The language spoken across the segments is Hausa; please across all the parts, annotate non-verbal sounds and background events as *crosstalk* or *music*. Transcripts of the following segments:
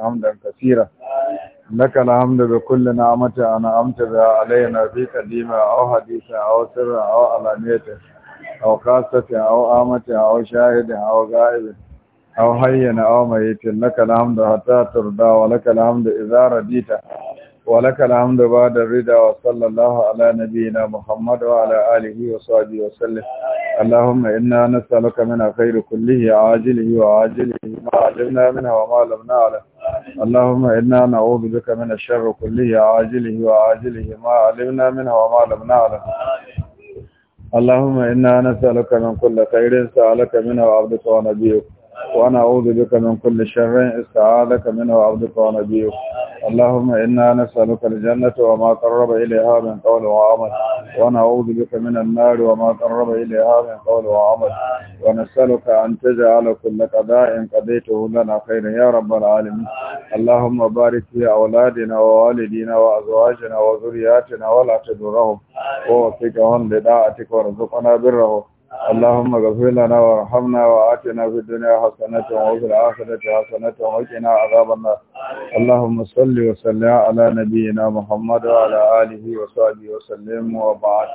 حمدا كثيرا لك الحمد بكل نعمة أنعمت بها علينا في قديمة أو حديثة أو سر أو علانية أو خاصة أو آمة أو شاهد أو غائب أو حي أو ميت لك الحمد حتى ترضى ولك الحمد إذا رديت ولك الحمد بعد الرضا وصلى الله على نبينا محمد وعلى آله وصحبه وسلم اللهم إنا نسألك من الخير كله عاجله وعاجله ما علمنا منه وما لم نعلم اللهم إنا نعوذ بك من الشر كله عاجله وعاجله ما علمنا منه وما لم نعلم اللهم إنا نسألك من كل خير سألك منه عبدك ونبيك ونعوذ بك من كل شر استعاذك منه عبدك ونبيك اللهم إنا نسألك الجنة وما قرب إليها من قول وعمل وأنا أعوذ بك من النار وما قرب إليها من قول وعمل ونسألك أن تجعل كل قضاء قضيته لنا خيرا يا رب العالمين اللهم بارك في أولادنا ووالدينا وأزواجنا وذرياتنا ولا تدرهم ووفقهم لداعتك وارزقنا برهم اللهم اغفر لنا وارحمنا وآتنا في الدنيا حسنة وفي الآخرة حسنة وقنا عذاب النار اللهم صل وسلم على نبينا محمد وعلى آله وصحبه وسلم وبعد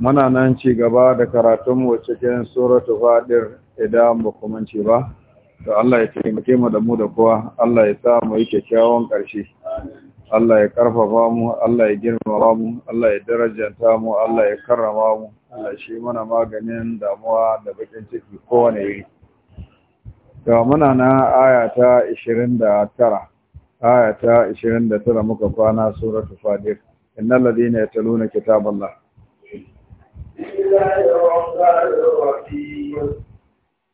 Muna nan ci gaba da karatunmu cikin Suratu Fadir idan ba kuma ci ba. to Allah ya taimake mu da mu da kowa Allah ya sa mu yi kyakkyawan ƙarshe Allah ya karfafa mu Allah ya girmama mu Allah ya darajanta mu Allah ya karrama mu Allah shi mana maganin damuwa da bakin ciki kowane yi. to muna na aya ta 29 aya ta 29 muka kwana suratul fatir innal ladina yatluna kitaballah بسم الله الرحمن الرحيم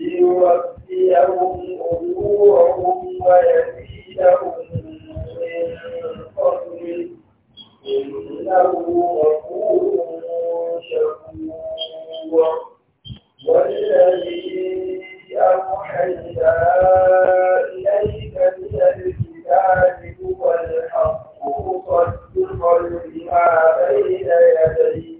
ليوفيهم أجورهم ويزيدهم من فضله إنه غفور شكور والذي أوحينا إليك من الكتاب هو الحق مصدقا بين يديه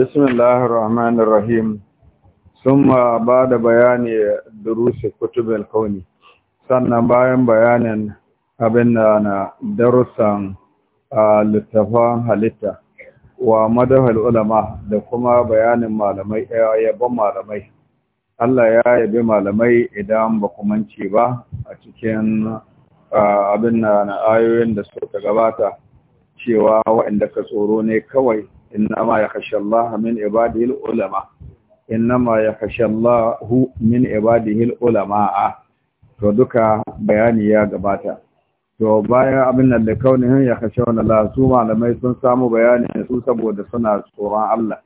بسم الله ba da bayani بعد بيان دروس كتب sannan bayan bayanin abin da na darussan littafan halitta wa madahal ulama da kuma bayanin malamai yabon malamai Allah ya yabi malamai idan ba kumanci ba a cikin abin na ayoyin da suka gabata cewa waɗanda ka tsoro ne kawai إنما يخشى الله من عباده العلماء إنما يخشى الله من عباده العلماء to duka bayani ya gabata to bayan abin nan da kaunihin ya kashe wani su malamai sun samu bayani su saboda suna tsoron Allah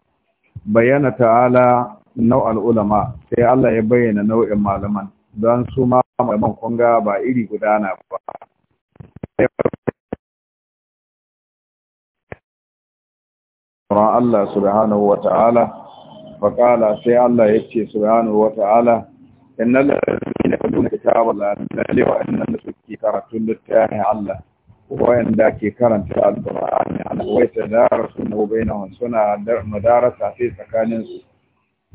bayyana ta'ala nau'al ulama sai Allah ya bayyana nau'in malaman don su ma malaman kunga ba iri gudana ba tsoron Allah subhanahu wa ta'ala faƙala sai Allah ya ce subhanahu wa ta'ala inna lalata da kudin kitabar lalata wa inna da suke karatun littafin Allah wayanda ke karanta alƙur'ani Allah wai ta dara suna bainahum suna madarasa fi tsakanin su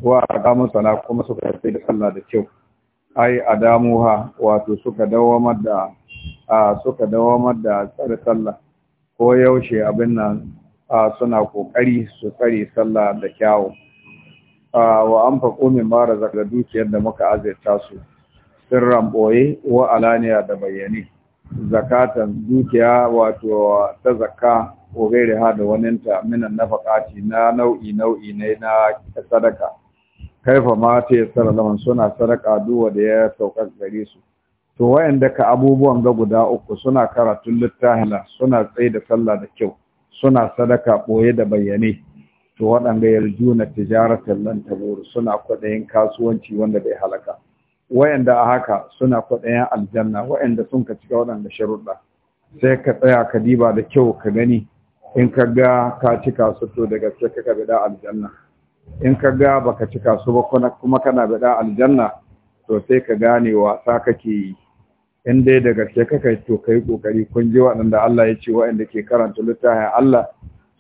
wa adamu sala kuma suka yi da sallah da kyau ai adamuha wato suka dawamar da suka dawamar da tsare sallah ko yaushe abin nan suna kokari su tsare sallah da kyawu wa an faƙo min mara zaka dukiyar da muka azirta su sirran ɓoye wa alaniya da bayyane zakatan dukiya wato ta zakka ko gairi ha da waninta minan nafaƙati na nau'i nau'i ne na sadaka kaifa ma ta yi suna sadaka duwa da ya sauka gare su to wayanda ka abubuwan ga guda uku suna karatun littafila suna tsaye da sallah da kyau suna sadaka ɓoye da bayyane to waɗanda yarjuna tijaratan lan tabur suna kwaɗayin kasuwanci wanda bai halaka wayanda a haka suna kwaɗayin aljanna wayanda sun ka cika waɗanda sharuɗa sai ka tsaya ka diba da kyau ka gani in ka ga ka cika su to daga sai ka bida aljanna in ka ga baka cika su ba kuma kana bida aljanna to sai ka gane wasa kake yi in dai da gaske kaka to kai kokari kun ji waɗanda Allah ya ce waɗanda ke karanta littafin Allah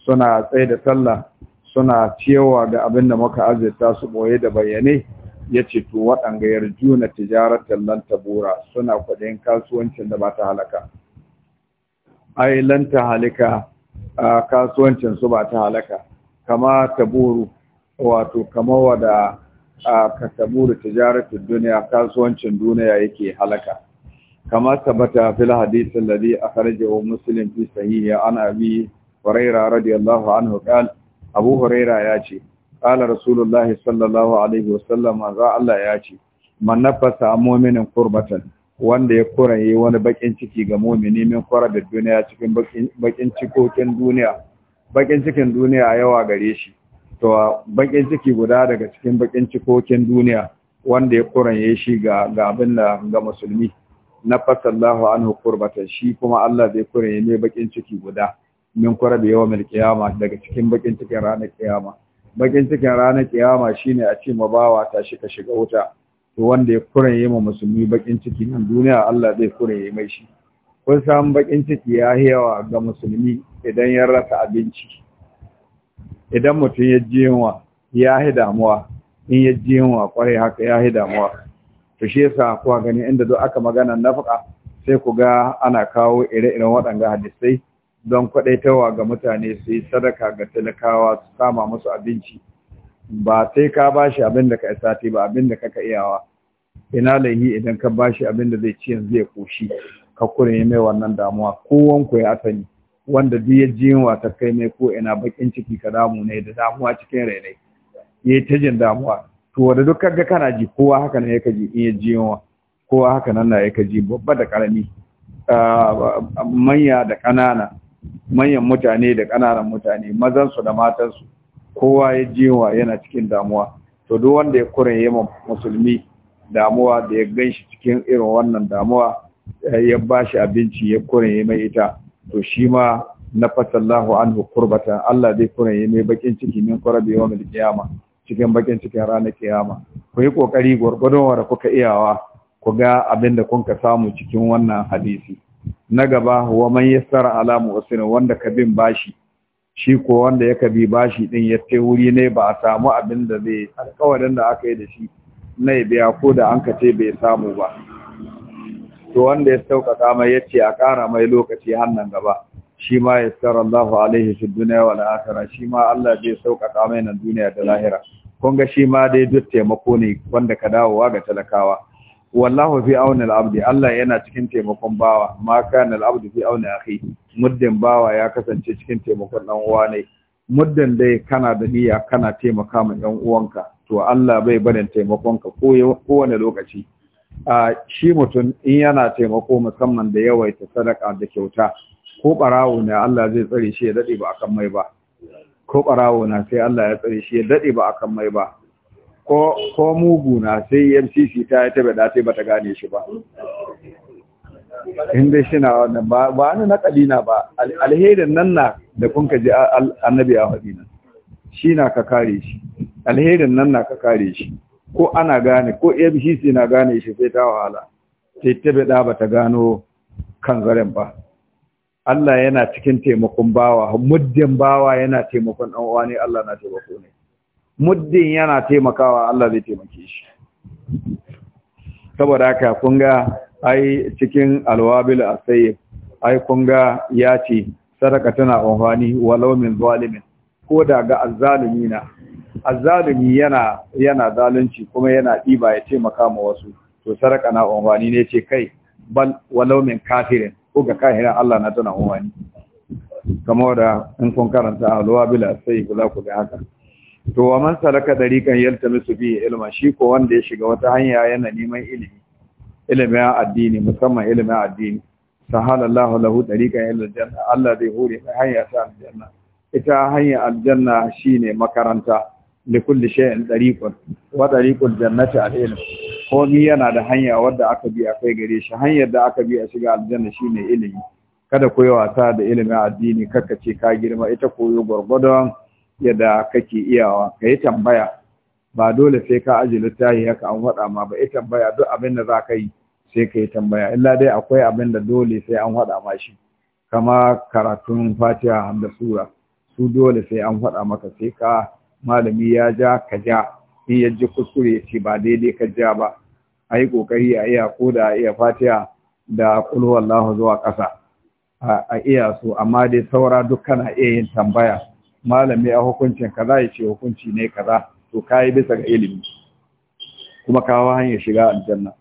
suna tsaye da sallah suna cewa ga abin da muka azurta su boye da bayane ya ce to waɗanga yarjuna tijaratan ta bura suna kwaɗayin kasuwancin da ba ta halaka ai lan ta halaka kasuwancin su ba ta halaka kama buru wato kama wada ka taburu tijaratun duniya kasuwancin duniya yake halaka كما ثبت في الحديث الذي أخرجه مسلم في صحيح عن أبي هريرة رضي الله عنه قال أبو هريرة ياتي قال رسول الله صلى الله عليه وسلم رأى الله ياتي man nafasa mu'minin qurbatan wanda ya kuraye wani bakin ciki ga mu'mini min da duniya cikin bakin cikokin duniya bakin cikin duniya yawa gare shi to bakin ciki guda daga cikin bakin cikokin duniya wanda ya kuraye shi ga abin da ga musulmi na fasallahu anhu qurbata shi kuma Allah zai kore ne bakin ciki guda min da yawan kiyama daga cikin bakin cikin ranar kiyama bakin cikin ranar kiyama shine a ce ma bawa ta shi shiga wuta to wanda ya ne ma musulmi bakin ciki nan duniya Allah zai ne mai shi kun san bakin ciki ya yawa ga musulmi idan ya rasa abinci idan mutum ya ji yunwa ya damuwa in ya ji yunwa kwarai haka ya damuwa to shi yasa kuwa gani inda duk aka magana nafaka sai ku ga ana kawo ire-iren waɗanda hadisai don kwaɗaitawa ga mutane su yi sadaka ga talakawa su kama musu abinci ba sai ka bashi shi abin da ka isa ba abin da kaka iyawa ina lahi idan ka bashi abin da zai ci yanzu zai koshi ka kure mai wannan damuwa kowan ku ya sani wanda duk ya ji yunwa ta kai mai ko ina bakin ciki ka damu ne da damuwa cikin rainai ya ta jin damuwa to wanda duk kaga kana ji kowa haka ne yake ji in ji yawa kowa haka nan na yake ji babba da karami ah, manya da ƙanana manyan mutane da ƙananan mutane mazan su da matan su kowa ya ji yawa yana cikin damuwa to duk wanda ya kure yema musulmi damuwa da ya ganshi cikin irin wannan damuwa eh, ya bashi abinci ya yi mai ita to shi ma na fasallahu anhu kurbata Allah zai yi mai bakin ciki min qurabi yawmil qiyamah cikin bakin cikin ranar kiyama ku yi kokari gwargwadon da kuka iyawa ku ga abin da kun ka samu cikin wannan hadisi na gaba wa man yassara ala muhsin wanda ka bin bashi shi ko wanda yaka bi bashi din ya ce wuri ne ba a samu abin da zai alƙawarin da aka yi da shi na biya ko da an ka bai samu ba to wanda ya sauƙaƙa mai ya ce a ƙara mai lokaci hannan gaba shi ma tsara Allahu alaihi fi dunya wal akhirah shi ma Allah zai saukaka mai nan duniya da lahira kun ga shi ma dai duk taimako ne wanda ka dawowa ga talakawa wallahu fi auni al-abdi Allah yana cikin taimakon bawa ma kana al-abdu fi auni akhi muddin bawa ya kasance cikin taimakon dan uwa ne muddin dai kana da niyya kana taimaka ma yan uwanka to Allah bai barin taimakon ka ko kowane lokaci a shi mutum in yana taimako musamman da yawaita sadaka da kyauta ko barawo na Allah zai tsare shi ya dade ba akan mai ba ko barawo na sai Allah ya tsare shi ya dade ba akan mai ba ko ko mugu na sai MCC ta ya tabbata sai bata gane shi ba in dai shi na wannan ba ba ni na kadina ba alherin nan na da kun ka ji annabi ya faɗi nan shi na ka kare shi alherin nan na ka kare shi ko ana gane ko MCC na gane shi sai ta wahala sai tabbata bata gano kan zaren ba Allah yana cikin taimakon bawa muddin bawa yana taimakon ɗanuwa uwa ne Allah na taimako ne muddin yana taimakawa Allah zai taimake shi saboda haka kun ga ai cikin alwabil asayib ai kun ya ce sadaka tana amfani walau min zalimin ko da ga azzalumi na azzalumi yana yana zalunci kuma yana ɗiba ya taimaka ma wasu to sadaka na amfani ne ce kai bal walau min kafirin ko ga kahiran Allah na tana wani? kamar da in kun karanta alwa bila sai kula ku da haka to wa man salaka dariqan yaltamisu bi ilma shi ko wanda ya shiga wata hanya yana neman ilimi ilimin addini musamman ilimin addini sahala halallahu lahu dariqan ila janna Allah zai hore kai hanya ta aljanna ita hanya aljanna shine makaranta likulli kulli shay'in dariqun wa dariqul jannati komi yana da hanya wadda aka bi akai gare shi hanyar da aka bi a shiga aljanna shi ne ilimi kada yi wasa da ilimin addini ka ce ka girma ita koyo gwargwadon yadda kake iyawa ka yi tambaya ba dole sai ka aji littafi haka an faɗa ma ba ita tambaya duk abin da za ka yi sai ka yi tambaya illa dai akwai abin da dole sai an faɗa ma shi kama karatun fatiha da sura su dole sai an faɗa maka sai ka malami ya ja ka ja in ya ji kuskure ya ce ba daidai ka ja ba a yi ƙoƙari a iya ko da a iya fatiya da kulwar lahu zuwa ƙasa a iya su amma dai saura dukkan a iya yin tambaya malami a hukuncin kaza ya ce hukunci ne kaza to ka yi bisa ga ilimi kuma kawo hanyar shiga aljanna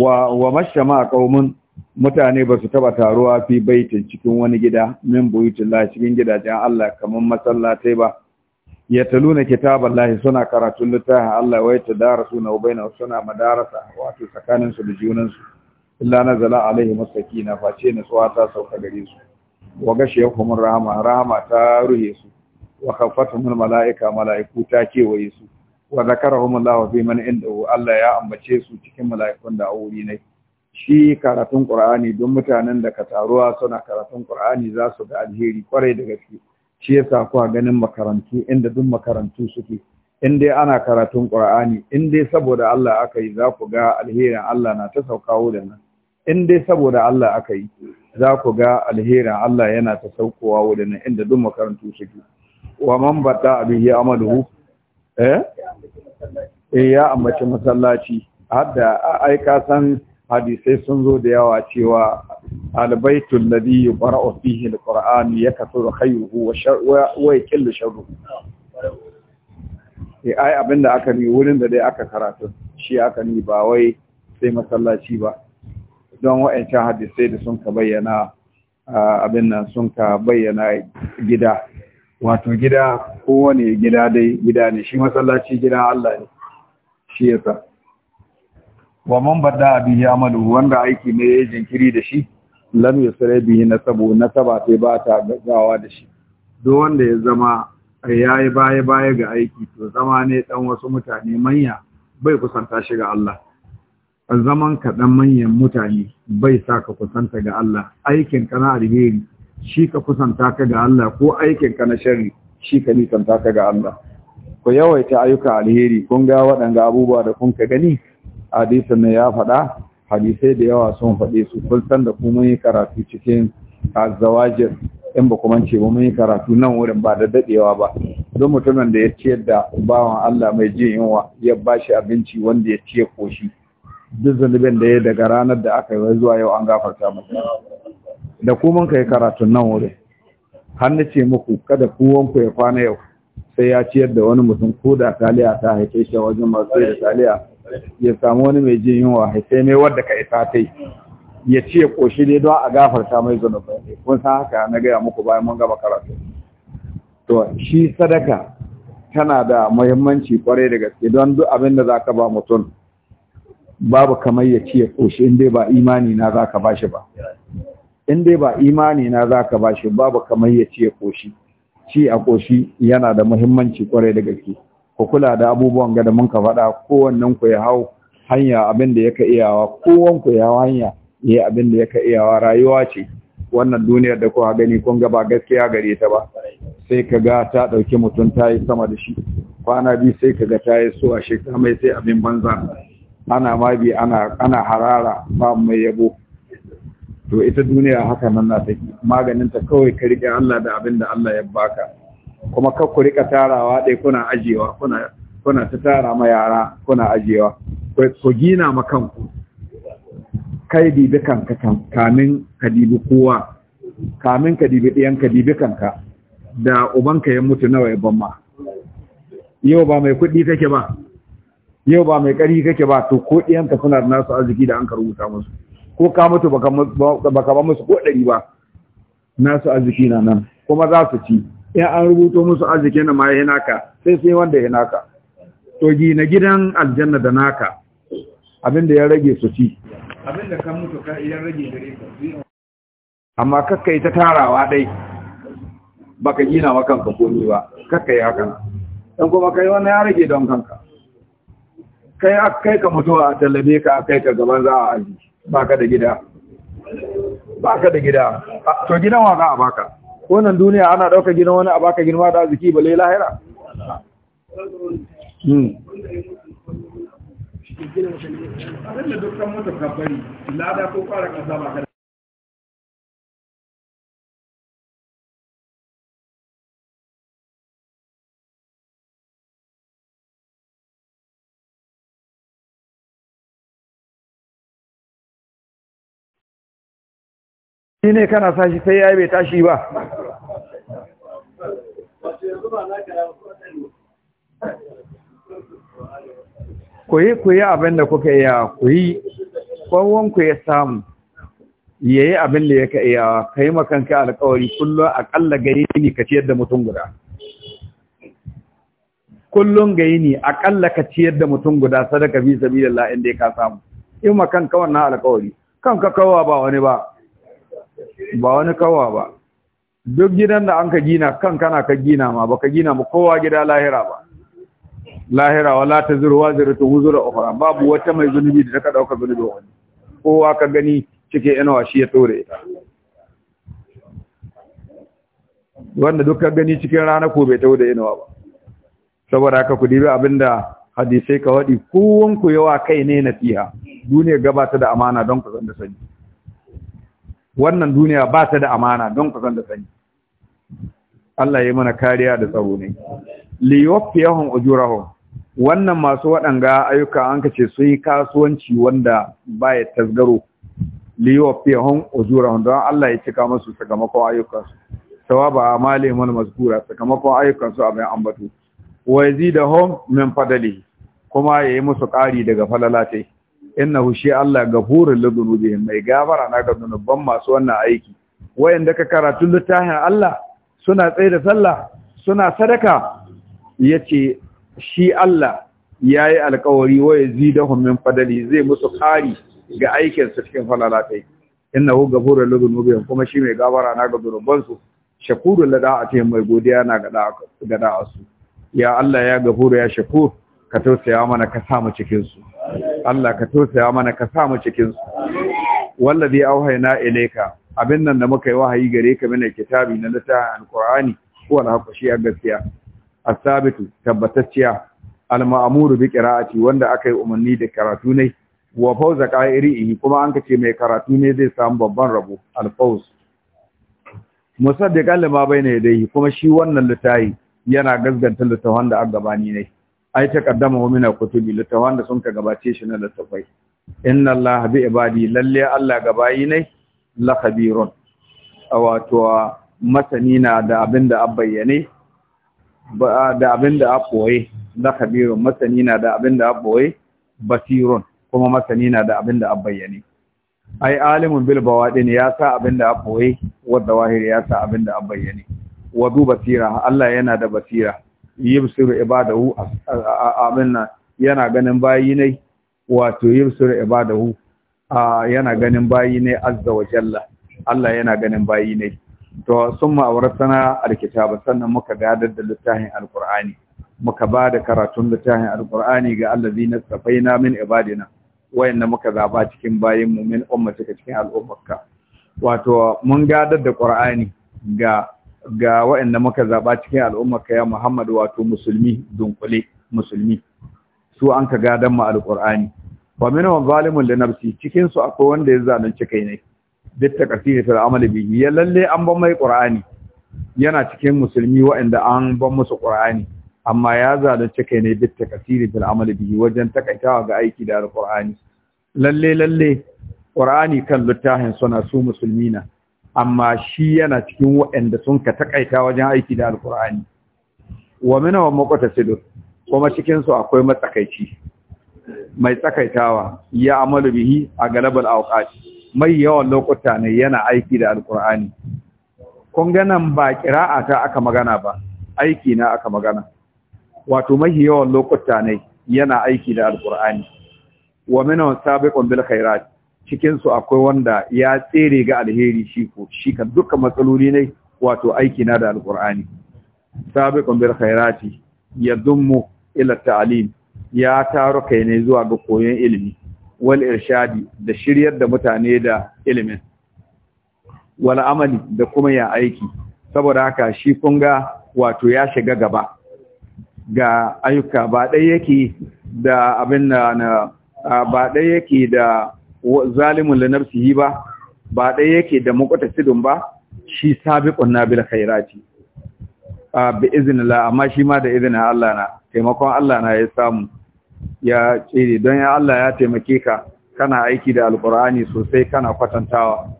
wa wa mashama kaumun mutane ba su taba taruwa fi baitin cikin wani gida min buyutillah cikin gidajen Allah kamar masallatai ba yataluna kitaballahi suna karatun littafin Allah Wai ta darasu na ubaina suna madarasa wato tsakanin su da junan su illa nazala alaihim na face ne tsuwa ta sauka gare su wa kuma rahama rahama ta ruhe su wa mun malaika malaiku ta kewaye su wa zakarahum Allah fi man indahu Allah ya ambace su cikin malaikun da auri ne shi karatun Qur'ani don mutanen da ka taruwa suna karatun Qur'ani za su ga alheri kwarai da gaske shi yasa kuwa ganin makarantu inda duk makarantu suke in dai ana karatun ƙura'ani in dai saboda Allah aka yi za ku ga alherin Allah na ta saukawo da nan in dai saboda Allah aka yi za ku ga alherin Allah yana ta saukowa da nan inda duk makarantu suke wa man bata bihi amaluhu eh eh ya amince masallaci hadda ai ka san hadisai sun zo da yawa cewa albaitul ladhi yuqra'u fihi alquran yakthuru khayruhu wa yaqillu sharruhu eh ai da aka ni wurin da dai aka karatu shi aka ni ba wai sai masallaci ba don wa'ancan hadisai da sun ka bayyana abin nan sun ka bayyana gida wato gida kowane gida dai gida ne shi masallaci gida Allah ne shi yasa wa man badda bihi amalu wanda aiki ne ya jinkiri da shi lam yusra bihi nasabu nasaba sai ba ta gaggawa da shi duk wanda ya zama yayi baya baya ga aiki to zama ne dan wasu mutane manya bai kusanta shi ga Allah zaman ka dan manyan mutane bai sa ka kusanta ga Allah aikin ka na alheri shi ka kusanta ka ga Allah ko aikin ka na sharri shi ka nisanta ka ga Allah ku yawaita ayyuka alheri kun ga waɗanda abubuwa da kun ka gani hadisin ne ya faɗa hadisai da yawa sun faɗe su kun da kuma yi karatu cikin azawajir in ba kuma ce ba mun yi karatu nan wurin ba da dadewa ba don mutumin da ya ciyar da bawan Allah mai jin yunwa ya bashi abinci wanda ya ciye koshi duk zunubin da ya daga ranar da aka yi zuwa yau an gafarta masa da kuma kai karatu nan wurin har na ce muku kada kuwanku ya kwana yau sai ya ciyar da wani mutum ko da taliya ta haife shi wajen masu da taliya ya samu wani mai jin yunwa sai mai wadda ka isa ta yi ya ce ƙoshi dai don a gafarta mai zunubai ne kun san haka na gaya muku bayan mun gaba karatu to shi sadaka tana da muhimmanci kwarai da gaske don duk abin da za ka ba mutum babu kamar ya ce ƙoshi in dai ba imani na za ka ba shi ba in dai ba imani na za ka ba shi babu kamar ya ce ƙoshi ci a ƙoshi yana da muhimmanci kwarai da gaske ku kula da abubuwan ga mun ka faɗa kowannen ku ya hau hanya abin da yaka iyawa kowan ku ya hau hanya ya abin da yaka iyawa rayuwa ce wannan duniyar da kuka gani kun ga ba gaskiya gare ta ba sai ka ga ta ɗauki mutum ta yi sama da shi kwana biyu sai ka ga ta yi so a shekara mai sai abin banza ana ma bi ana ana harara ba mai yabo to ita duniya haka nan na take maganin ta kawai ka rike Allah da abin da Allah ya baka kuma kar ku rika tarawa dai kuna ajiyewa, kuna kuna ta tara ma yara kuna ajiyewa. ku gina ma kanku kai dibi kanka kamin ka dibi kowa kamin ka dibi ɗiyan ka dibi kanka da ubanka ya mutu nawa ya ma yau ba mai kuɗi kake ba yau ba mai ƙari kake ba to ko ɗiyanka suna da nasu arziki da an ka rubuta musu ko ka mutu baka ba musu ko ɗari ba nasu arziki na nan kuma za su ci ya an rubuto musu arziki na ma ya naka sai sai wanda ya naka to gina gidan aljanna da naka abinda ya rage su ci abinda kan mutu ka iya rage gare ka amma kakka ita tarawa dai baka gina wa kanka komai ba kakka yi haka dan kuma kai wannan ya rage don kanka kai a kai ka mutuwa a talabe ka a kai ka gaban za a aji baka da gida baka da gida to gidan wa za a baka ko duniya ana ɗauka gidan wani a baka girma da arziki ba lahira shi hmm. ne kana sashi sai ya yi bai tashi ba ku yi abin da kuka iya ku yi ku ya samu ya yi abin da ya ka iya ka yi makanka alkawari kullum ƙalla gari ne ka ciyar da mutum guda kullum gari ne ƙalla ka ciyar da mutum guda sadaka bi sabi da la'in da ka samu yi makanka wannan alkawari kanka kawa ba wani ba ba wani kawa ba duk gidan da an ka gina kan kana ka gina ma ba ka gina ma kowa gida lahira ba lahira wala taziru waziratu wuzura ukhra babu wata mai zunubi da ta dauka zunubi wani kowa ka gani cike inawa shi ya tore ita wanda duk ka gani cikin rana ko bai tawo da inawa ba saboda haka ku dibi abinda hadisai ka wadi kowan ku yawa kai ne na nasiha duniya gabata da amana don ku san da sani wannan duniya ba ta da amana don ku san da sani Allah ya mana kariya da tsaro ne li yuwaffiyahum ujurahum wannan masu waɗanga ayyuka an kace su yi kasuwanci wanda ba ya tasgaro liyuwaffiyahum ujurahum don Allah ya cika musu sakamakon ayyukansu sawaba amalihim mazkura sakamakon ayyukansu a bayan ambatu wa hom min fadali kuma yayi musu ƙari daga falalatai na shi Allah gafurul ladunubi mai gafara na ga zunuban masu wannan aiki wayanda ka karatu littafin Allah suna tsaye da sallah suna sadaka yace shi Allah ya yi alkawari wa da min fadali zai musu ƙari ga aikinsu cikin falala ɗai inna hu lubin lidhunubi kuma shi mai gabara na ga zunubansu shakurul lada a mai godiya na ga da'a su ya Allah ya gafuru ya shakur ka tausaya mana ka sa mu cikin su Allah ka tausaya mana ka sa mu cikin su wallazi auhayna ilayka abin nan da muka yi wahayi gare ka mina kitabi na littafin alqur'ani ko na hakushi a gaskiya as-sabitu tabbatacciya al-ma'muru bi qira'ati wanda akai umarni da karatu ne wa fawza qa'irihi kuma an kace mai karatu ne zai samu babban rabo al-fawz musaddiqan lima bayna yadayhi kuma shi wannan litayi yana gaskanta litawan da gabani ne ai ta kaddama wa mina kutubi litawan da sun ka gabace shi na littafai inna Allah bi ibadi lalle Allah gabayi ne la khabirun wato masani na da abinda bayyane. da abin da a ɓoye na kabirun masani na da abin da a ɓoye basirun kuma masani na da abin da a bayyane ai alimun bil ɗin ya sa abin da a ɓoye wadda wahir ya sa abin da a bayyane wa du basira Allah yana da basira yibsiru ibadahu abin na yana ganin bayi ne wato yibsiru ibadahu yana ganin bayi ne azza wa jalla Allah yana ganin bayi ne to sun ma'auratana alkitaba sannan muka gadar da littafin alkur'ani muka ba da karatun littafin alkur'ani ga allazi na safaina min ibadina wayanda muka zaba cikin bayin mu min cika cikin al'ummarka wato mun gadar da qur'ani ga ga wayanda muka zaba cikin al'ummarka ya Muhammad wato musulmi dunkule musulmi su an ka gadar mu alkur'ani wa minhum zalimun li nafsi cikin su akwai wanda ya zalunci kai ne bit takasiri fil amali bihi ya lalle an ban mai qur'ani yana cikin musulmi waɗanda an ban musu qur'ani amma ya zalunci kai ne bit takasiri fil amali bihi wajen takaitawa ga aiki da alqur'ani lalle lalle qur'ani kan littafin suna su musulmi na amma shi yana cikin waɗanda sun ka takaita wajen aiki da alqur'ani wa mina wa Sido, kuma cikin su akwai matsakaici mai tsakaitawa ya amalu bihi a galabal awqati mai yawan lokuta ne yana aiki da alkur'ani kun ganan ba kira'a ta aka magana ba aiki na aka magana wato mai yawan lokuta ne yana aiki da alkur'ani wa minhum sabiqun bil khairat cikin su akwai wanda ya tsere ga alheri shi ko shi kan dukkan matsaloli ne wato aiki na da alkur'ani sabiqun bil khairati yadummu ila ta'lim ya taro kai ne zuwa ga koyon ilimi wal irshadi da shiryar da mutane da ilimin wal amali da kuma ya aiki saboda haka shi kunga wato ya shiga gaba ga ayyuka ba ɗaya yake da abin na ba dai yake da zalimin ba ba ɗaya yake da sidun ba shi sabiqun nabil khairati bi iznillah amma shi ma da iznin Allah na taimakon Allah na ya samu ya tsere don ya Allah ya taimake ka kana aiki da alkur'ani sosai kana kwatantawa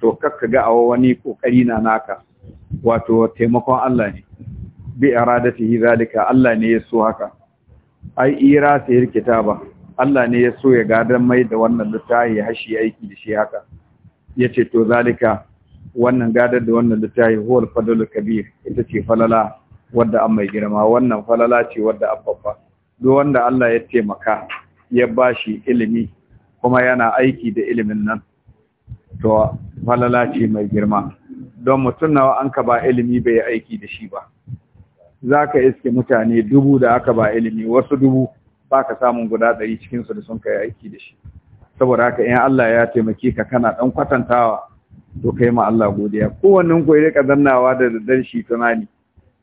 to kakka ga awa wani kokari na naka wato taimakon Allah ne bi iradatihi zalika Allah ne ya so haka ai ira sai kitaba Allah ne ya so ya gadan mai da wannan littafi hashi aiki da shi haka yace to zalika wannan gadar da wannan littafi huwal fadlul kabir ita ce falala wadda an mai girma wannan falala ce wadda an babba duk wanda Allah ya taimaka ya ba shi ilimi kuma yana aiki da ilimin nan to falala ce mai girma don mutum nawa an ka ba ilimi bai aiki da shi ba za ka iske mutane dubu da aka ba ilimi wasu dubu ba ka samun guda ɗari cikinsu da sun kai aiki da shi saboda haka in Allah ya taimake ka kana ɗan kwatantawa to kai ma Allah godiya kowannen ku rika zannawa da daddar shi tunani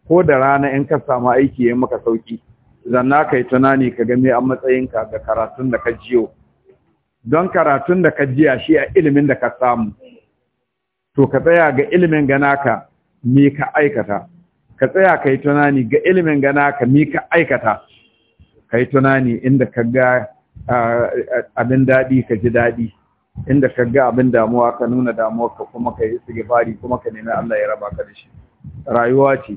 ko da rana in ka samu aiki ya maka sauki zanna kai tunani ka ga me a matsayinka ga karatun da ka jiyo don karatun da ka jiya shi a ilimin da ka samu to ka tsaya ga ilimin ganaka me ka aikata ka tsaya kai tunani ga ilimin ganaka me ka aikata kai tunani inda ka ga abin daɗi ka ji daɗi inda ka ga abin damuwa ka nuna damuwa ka kuma ka yi sigifari kuma ka nemi Allah ya raba ka da shi rayuwa ce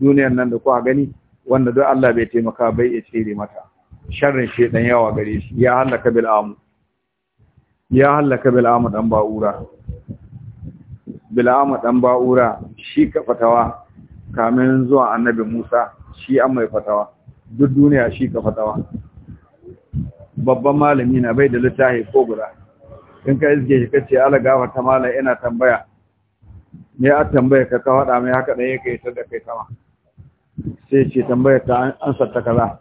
duniyar nan da kuka gani wanda don Allah bai taimaka bai ya tsere mata sharrin shi shedan yawa gare shi ya halaka bil amu ya halaka bil amu dan ba'ura bil amu dan ba'ura shi ka fatawa kamin zuwa annabi Musa shi an mai fatawa duk duniya shi ka fatawa babban malami na bai da littafi ko guda in ka izge shi kace ala gafa ta mala ina tambaya me a tambaya ka ka faɗa mai haka dan yake ta da kai sama sai ce tambayar ta ansar ta kaza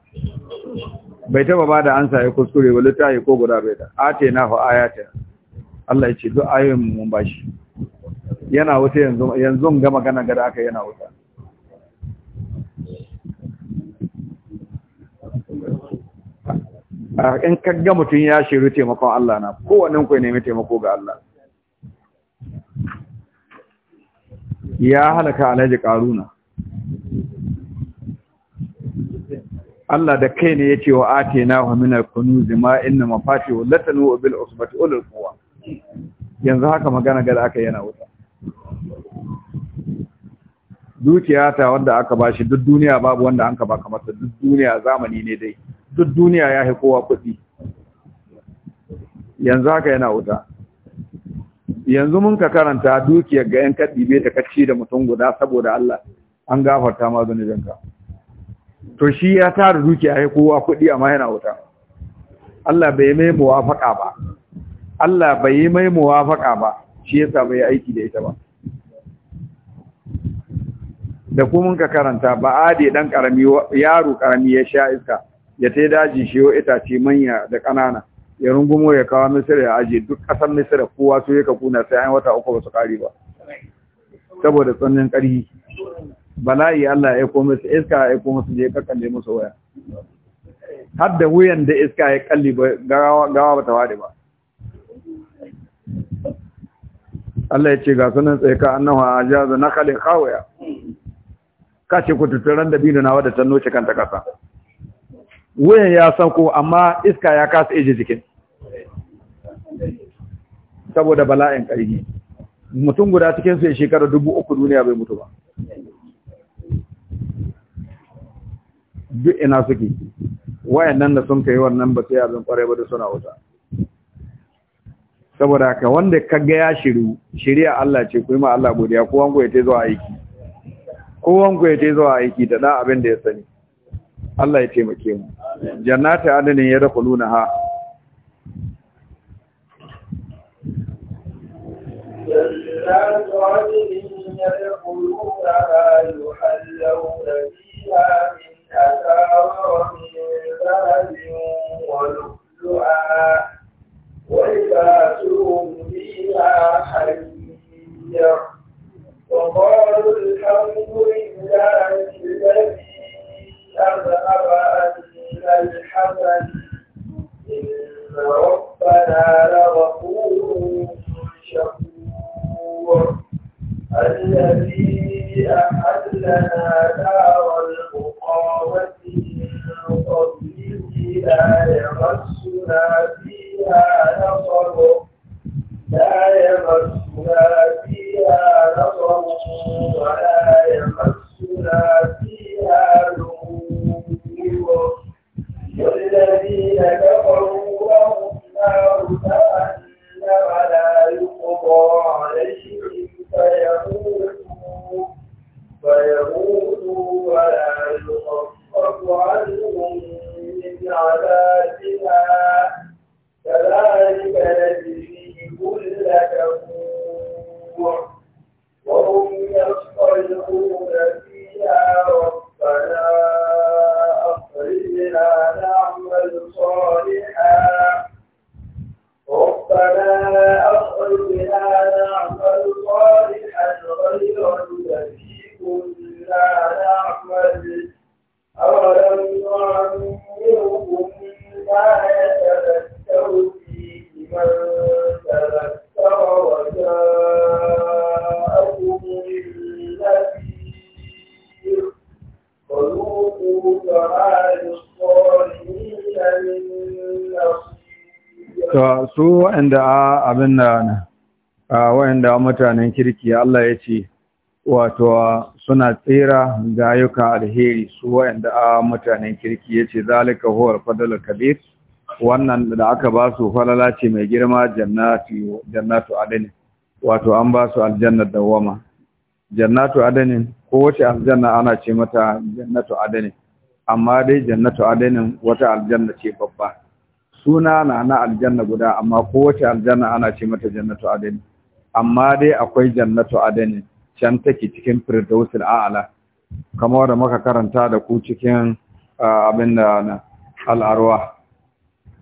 bai taba ba da ansa ya kuskure ba littafi ko guda bai da ate na fa ayata Allah ya ce duk ayoyin mu mun bashi yana wuta yanzu yanzu ga magana ga da aka yana wuta in kagga mutum ya shiru taimakon Allah na kowannen ku nemi taimako ga Allah ya halaka alhaji karuna Allah da kai ne ya ce wa atinahu kunu al-kunuz ma inna mafatihu latanu bil usbati ulul Kowa. yanzu haka magana ga aka yana wuta dukiya ta wanda aka bashi duk duniya babu wanda an ka ba kamar ta duk duniya zamani ne dai duk duniya ya kowa kuɗi yanzu haka yana wuta yanzu mun ka karanta dukiyar ga yan kaɗi bai takacci da mutum guda saboda Allah an gafarta ma zunubinka to shi ya tara dukiya ya kowa kuɗi amma yana wuta Allah bai mai muwafaka ba Allah bai yi mai muwafaka ba shi samu ya aiki da ita ba da kuma ka karanta ba ade dan karami yaro karami ya sha iska ya tai daji shi yo itace manya da kanana ya rungumo ya kawo misira ya aje duk kasar misira kowa so yake kuna sai an wata uku ba su kare ba saboda tsannin ƙarfi bala'i Allah ya aiko musu iska ya aiko musu je ka kalle musu waya har da wuyan da iska ya kalli gawa ba ta ware ba Allah ya ce ga sunan tsaye ka annahu na nakali khawaya ka ce ku tuturan da bino nawa da tanno ce kanta kasa wuyan ya sauko amma iska ya kasa eje jikin saboda bala'in ƙarfi mutum guda cikin su ya shekara dubu uku duniya bai mutu ba duk ina suke wayannan da sun kai wannan ba sai abin kware ba da suna wuta saboda ka wanda ka ga ya shiru shari'a Allah ce ku yi ma Allah godiya ko wanku ya zuwa aiki ko wanku ya zuwa aiki da da abin da ya sani Allah ya taimake mu jannati adnin ya dakhuluna ha جنات عدن يدخلونها يحلون فيها من أساور من ذهب ولؤلؤا ولباسهم فيها حرير وقالوا الحمد لله الذي أذهب عنا الحزن إن ربنا لغفور شكور الذي أحلنا دار لا يمسنا فيها نصب لا يمسنا mutanen kirki Allah ya ce wato suna tsira ga ayyuka alheri su wa'anda a mutanen kirki ce zalika huwal fadlul kabir wannan da aka ba su falala ce mai girma jannatu jannatu adani wato an ba su aljannar dawama jannatu adani kowace aljanna ana ce mata jannatu adani amma dai jannatu adani wata aljanna ce babba suna na na aljanna guda amma kowace aljanna ana ce mata jannatu adani amma dai akwai jannatu adani can take cikin firdausul a'ala kamar da muka karanta da ku cikin abin da al'arwa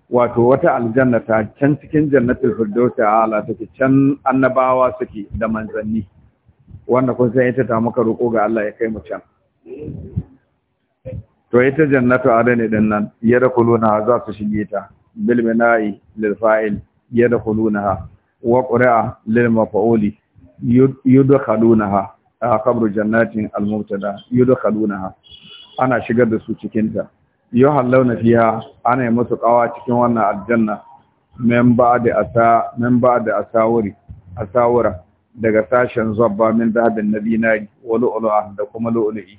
wato wata aljanna ta can cikin jannatul firdausul a'ala take can annabawa suke da manzanni wanda kun san ita ta muka roko ga Allah ya kai mu can to ita jannatu adani din nan yadkhuluna za su shige ta bil mina'i lil fa'il wa ƙuri'a lil mafa'uli yudkhalunaha a kabru jannatin al-mubtada yudkhalunaha ana shigar da su cikin ta yuhallawna fiha ana yi musu kawa cikin wannan aljanna memba da asawuri asawura daga sashen zabba min na nabinai wa lu'lu'a da kuma lu'lu'i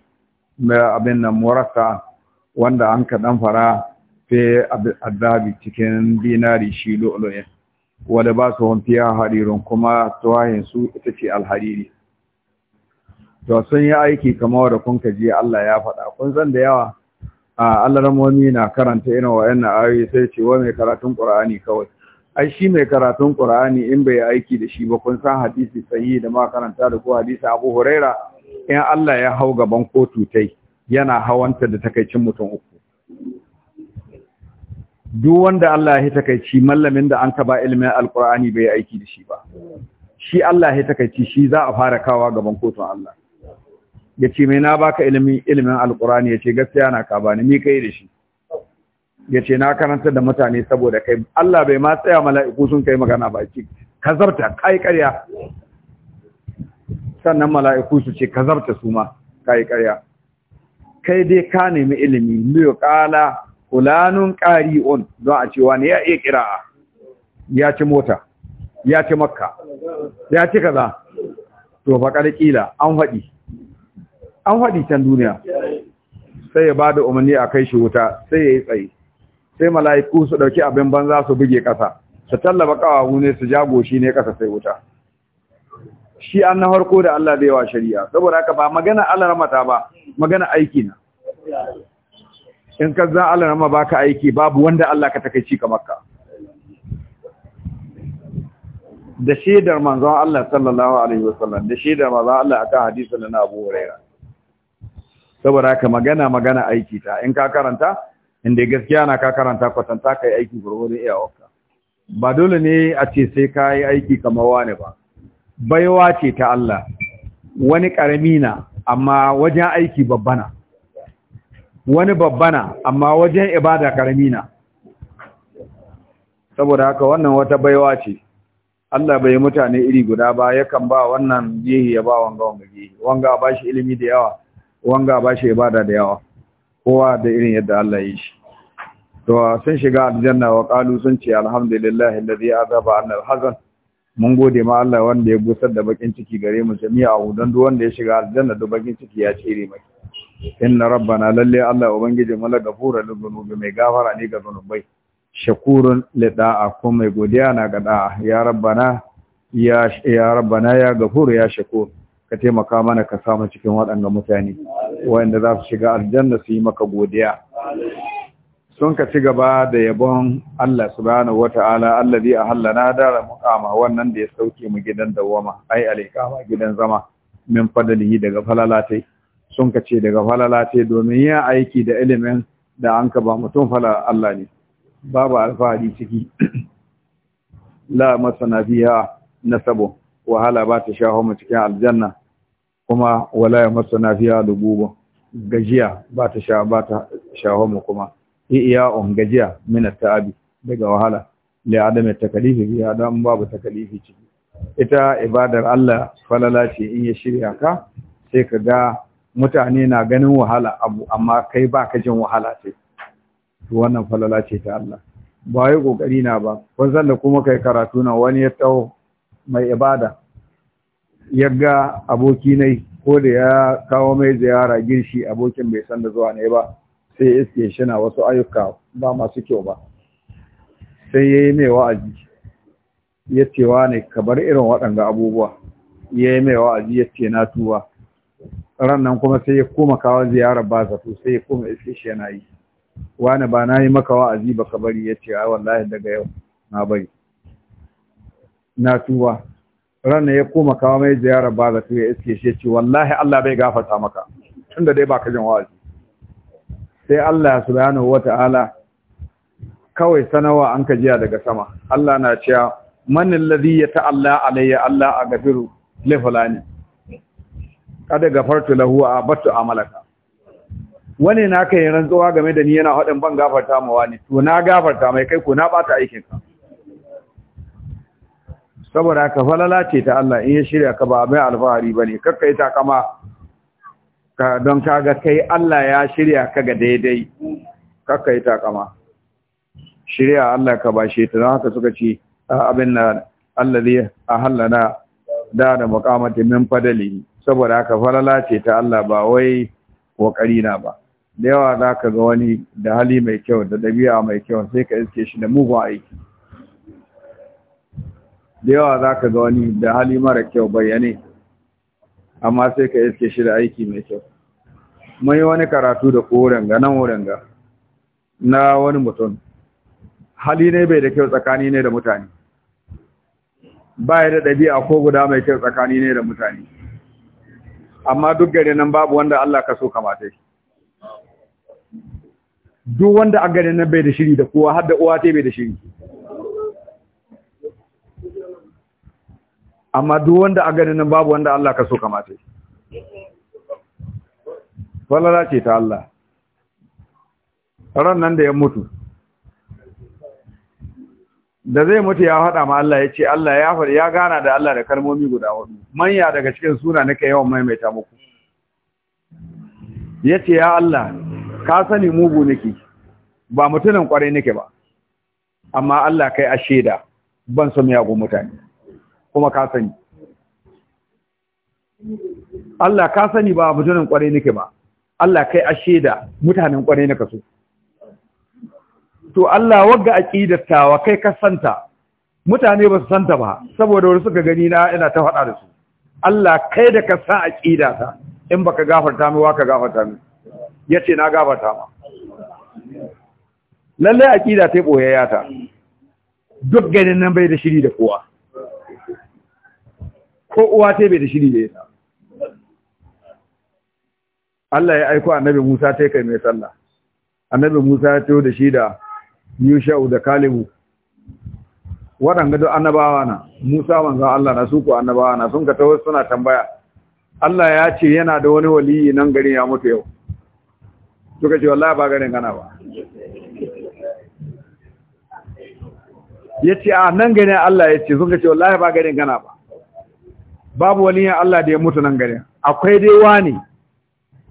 mai abin nan muraka wanda an ka damfara fara fi adabi cikin dinari shi lu'lu'in wa libasuhum fiha haririn kuma tawayin su ita ce alhariri to sun yi aiki kamar da kun kaji Allah ya faɗa kun san da yawa Allah ramomi na karanta irin wayannan ayoyi sai ce wa mai karatun Qur'ani kawai ai shi mai karatun Qur'ani in bai aiki da shi ba kun san hadisi sahihi da ma karanta da ko hadisi Abu Huraira in Allah ya hau gaban kotu tai yana hawanta da takaicin mutum uku duk wanda Allah ya takaici mallamin da an kaba ilimin alkur'ani bai aiki da shi ba shi Allah ya takaici shi za a fara kawa gaban kotun Allah ya ce mai na baka ilimin ilimin alkur'ani ya ce gaskiya na kaba ni kai da shi ya ce na karanta da mutane saboda kai Allah bai ma tsaya mala'iku sun kai magana ba ki kazarta kai ƙarya sannan mala'iku su ce kazarta su ma kai ƙarya kai dai ka nemi ilimi liyo kala. fulanun on. don a cewa ne ya iya qira'a ya ci mota ya ci makka ya ci kaza to fa kila an faɗi an haɗi can duniya sai ya bada umarni a kai shi wuta sai ya yi tsaye sai mala'iku su ɗauki abin banza su buge ƙasa su tallaba ƙawahu ne su jago shi ne ƙasa sai wuta shi an na harko da Allah zai wa shari'a saboda haka ba magana ramata ba magana aiki na in ka za Allah nama baka aiki babu wanda Allah ka takeici kamar ka da shaidar manzon Allah sallallahu alaihi wasallam da shaidar manzon Allah hadisa hadisin na Abu Huraira saboda ka magana magana aiki ta in ka karanta inda gaskiya na ka karanta kwatanta yi aiki gurgurin iyawarka ba dole ne a ce sai ka yi aiki kamar wani ba baiwa ce ta Allah wani karami na amma wajen aiki babbana wani babbana amma wajen ibada karami na saboda haka wannan wata baiwa ce Allah bai mutane iri guda ba yakan ba wannan jihi ya ba wanga wanga jihi wanga ba shi ilimi da yawa wanga ba shi ibada da yawa kowa da irin yadda Allah ya yi shi to sun shiga aljanna wa qalu sun ce alhamdulillahi alladhi azaba anna alhazan mun gode ma Allah wanda ya gusar da bakin ciki gare mu jami'a udan duk wanda ya shiga aljanna duk bakin ciki ya cire mai inna rabbana lalle Allah ubangiji mu gafura lil dhunubi mai gafara ne ga zunubai shakurun li da'a ko mai godiya na ga da'a ya rabbana ya ya rabbana ya gafuru ya shakur ka taimaka mana ka samu cikin waɗannan mutane wanda za su shiga aljanna su yi maka godiya sun ka ci gaba da yabon Allah subhanahu wata'ala allazi ahallana dara muqama wannan da ya sauke mu gidan dawama ai alikama gidan zama min fadalihi daga falalatai sun ka ce daga falala ce domin yin aiki da ilimin da an ka ba mutum falala Allah ne babu alfahari ciki *clears throat* la masana fiha nasabu wahala ba ta shaho mu cikin aljanna kuma wala ya masana fiha lugubu gajiya ba ta sha ba ta shaho mu kuma iya'un gajiya min ta'abi daga wahala adam ta kalifi biya don babu ta kalifi ciki ita ibadar Allah falala ce in ya shirya ka sai ka ga mutane na ganin wahala abu amma kai ba ka jin wahala ce to wannan falala ce ta Allah ba wai kokari na ba wanzan da kuma kai karatu na wani ya tau mai ibada ya ga aboki nai ko da ya kawo mai ziyara girshi abokin bai san da zuwa ne ba sai iske shi na wasu ayyuka ba masu kyau ba sai ya yi mai wa'azi ya wa ne ka irin waɗanda abubuwa ya yi mai wa'azi ya na tuba rannan kuma sai ya koma kawo ziyara ba zato sai ya koma iske shi yana yi wani ba na yi maka wa'azi ba ka bari ya ce a wallahi daga yau na bari na tuba rannan ya koma kawo mai ziyara ba zato ya iske shi ya ce wallahi Allah bai gafata maka tunda dai ba ka jin wa'azi sai Allah subhanahu wata'ala kawai sanawa an ka jiya daga sama Allah na cewa man alladhi yata'alla alayya Allah a gafiru li kada gafartu lahu a battu amalaka wani na kai rantsuwa game da ni yana hadin ban gafarta ma wani to na gafarta mai kai ko na bata aikin ka saboda ka falala ce ta Allah in ya shirya ka ba mai alfahari bane kakkai ta kama ka don kaga kai Allah ya shirya ka ga daidai kakkai ta kama shirya Allah ka bashe ta haka suka ce abin na allazi ahallana da da muqamati min fadali. saboda haka falala ce ta Allah ba wai kokari na ba da yawa za ka ga wani da hali mai kyau da ɗabi'a mai kyau sai ka iske shi da mugun aiki da yawa za ka ga wani da hali mara kyau bayyane amma sai ka iske shi da aiki mai kyau mun yi wani karatu da koren ga nan wurin ga na wani mutum hali ne bai da kyau tsakani ne da mutane ba ya da ɗabi'a ko guda mai kyau tsakani ne da mutane amma duk gare nan babu wanda Allah ka so kamata shi duk wanda a gare nan bai da shiri da kowa har da uwa ta bai da shiri amma duk wanda a gare nan babu wanda Allah ka so kamata shi wallahi ce ta Allah ran nan da ya mutu da zai mutu ya faɗa ma Allah ya ce Allah ya faɗi ya gana da Allah da kalmomi guda hudu manya daga cikin suna nake yawan maimaita muku ya ce ya Allah ka sani mugu nake ba mutunan kwarai nake ba amma Allah kai ashe da ban so miyagun mutane kuma ka sani Allah ka sani ba mutunan kwarai nake ba Allah kai ashe da mutanen kwarai nake so to Allah wagga aqidar wa kai ka santa mutane ba su santa ba saboda wani suka gani na ina ta faɗa da su Allah kai da ka sa aqida ta in baka gafarta mu wa ka gafarta mu yace na gafarta ma lalle aqida ta boyayya ta duk ganin nan bai da shiri da kowa ko uwa ta bai da shiri da ita Allah ya aiko annabi Musa ta kai mai sallah annabi Musa ya tayo da shida yusha'u da kalibu waɗanda duk annabawa na musa manzon Allah na su ku annabawa na sun ka taho suna tambaya Allah ya ce yana da wani waliyi nan garin ya mutu yau suka ce wallahi ba garin kana ba ya ce a nan garin Allah ya ce ka ce wallahi ba garin kana ba babu waliyin Allah da ya mutu nan garin akwai dai wani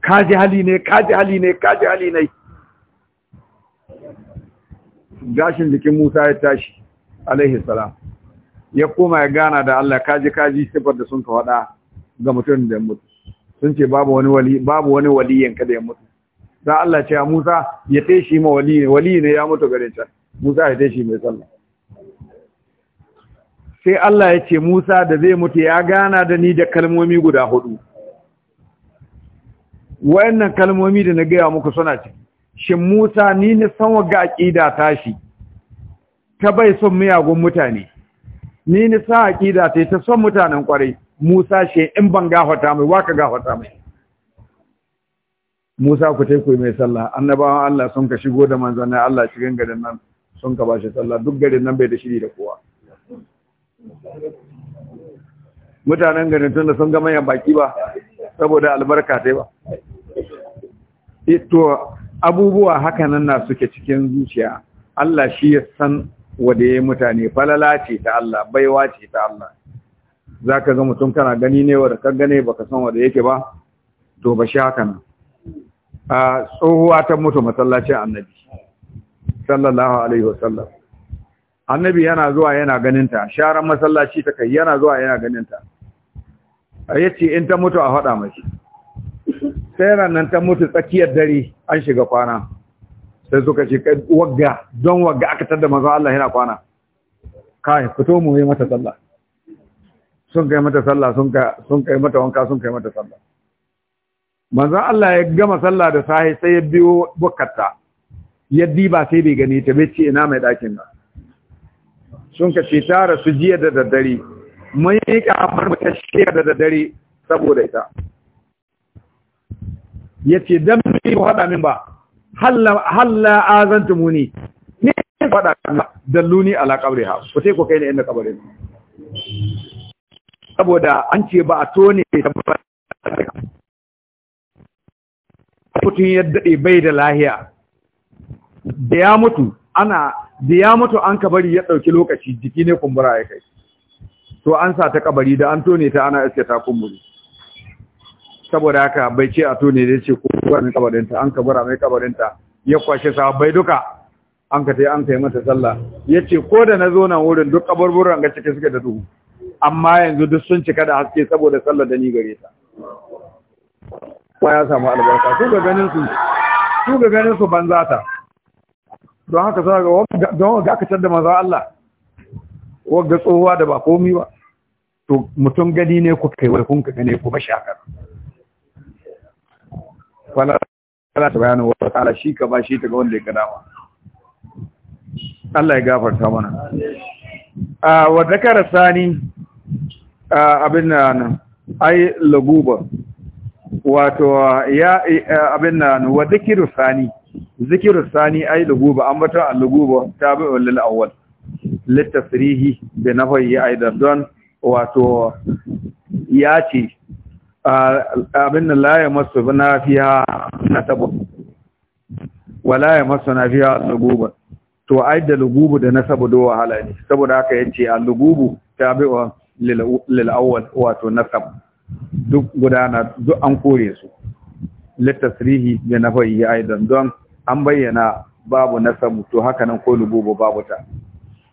kaji hali ne kaji hali ne kaji hali ne gashin jikin Musa ya tashi alaihi salam ya koma ya gana da Allah kaji kaji sifar da sun ka wada ga mutum da mutu sun ce babu wani wali babu wani waliyin kada ya mutu da Allah ce a Musa ya tashi ma wali wali ne ya mutu gare ta Musa ya tashi mai sallah sai Allah ya ce Musa da zai mutu ya gana da ni da kalmomi guda hudu wayannan kalmomi da na gaya muku suna cikin shin Musa ni ni san waga aqida tashi ta bai son miyagun mutane ni ni sa aqida ta ta son mutanen kwarai Musa she in ban gafata mai waka gafata mai Musa ku tai ku mai sallah annabawan Allah sun ka shigo da manzannin Allah cikin garin nan sun ka bashi sallah duk garin nan bai da shiri da kowa mutanen garin tun da sun ga manyan baki ba saboda albarka ta ba ito eh, abubuwa nan na suke cikin zuciya Allah shi ya san wanda ya mutane falala ce ta Allah baiwa ce ta Allah zaka ga mutum kana gani ne wanda ka gane baka san wanda yake ba to ba shi nan a tsohuwa ta mutu masallacin annabi sallallahu alaihi wasallam annabi yana zuwa yana ganinta sharan masallaci ta kai yana zuwa yana ganinta yace in ta mutu a faɗa mashi sai ranar ta mutu tsakiyar dare an shiga kwana sai suka ce kai wagga don wagga aka tada manzon Allah yana kwana kai fito mu yi mata sallah sun kai mata sallah sun kai mata wanka sun kai mata sallah manzon Allah ya gama sallah da sahi sai ya biyo bukata ya diba sai bai gani ta bai ce ina mai ɗakin nan sun ka ce tara su jiya da daddare mun yi kamar mu ta da daddare saboda ita yace dan me ku hada min ba halla halla azantumuni ne fada dalluni ala qabriha ku sai ku kai ne inda kabarin saboda an ce ba a tone mutum ya daɗe bai da lahiya da ya mutu ana da ya mutu an kabari ya ɗauki lokaci jiki ne kumbura ya kai to an sa ta kabari da an tone ta ana iske ta kumburi saboda haka bai ce a tuni da ce ko gwarin kabarinta an ka gwara mai kabarinta ya kwashe bai duka an ka tai an kai mata sallah ya ce ko da na zo nan wurin duk kaburburan ga cike suke da duhu amma yanzu duk sun cika da haske saboda sallah da ni gare ta ya samu albarka su ga ganin su su ga ganin su banza ta don haka za ga don ga ka tada manzo Allah wagga tsohuwa da ba komi ba to mutum gani ne ku kai wai kun ka gane ku ba shakar Allah ta bayanin wata ta'ala shi ka ba shi ta ga wanda ya gadawa Allah ya gafarta mana a wadda kara sani abin nan ai laguba wato ya abin nan wa zikiru sani zikiru sani ai laguba an bata a laguba tabi'un lil awwal litasrihi nafai nafyi aidan don wato ya ce abin da la ya masu na fiya na tabo wala masu na fiya lugubu. to ai da lugubu da na saboda wahala ne saboda haka yace a lugubu ta lil awwal wato nasab duk gudana duk an kore su litasrihi na nafayi aidan don an bayyana babu sabu to haka nan ko lugubu babu ta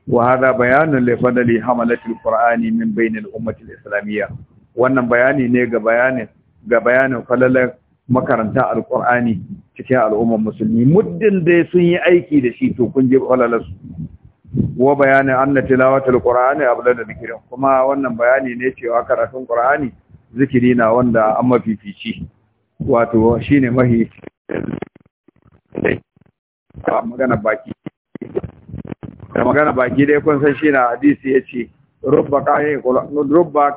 wa hada bayanin lefadali hamalatul hamalati min bainil ummati islamiyya. wannan bayani ne ga bayanin ga bayanin falalar makaranta alkur'ani cikin al'ummar musulmi muddin dai sun yi aiki da shi to kun je su. wa bayanin anna tilawatul qur'ani abla da zikirin kuma wannan bayani ne cewa karatun qur'ani zikiri na wanda an mafifici wato shine mahi magana baki magana baki dai kun san shi na hadisi yace rubba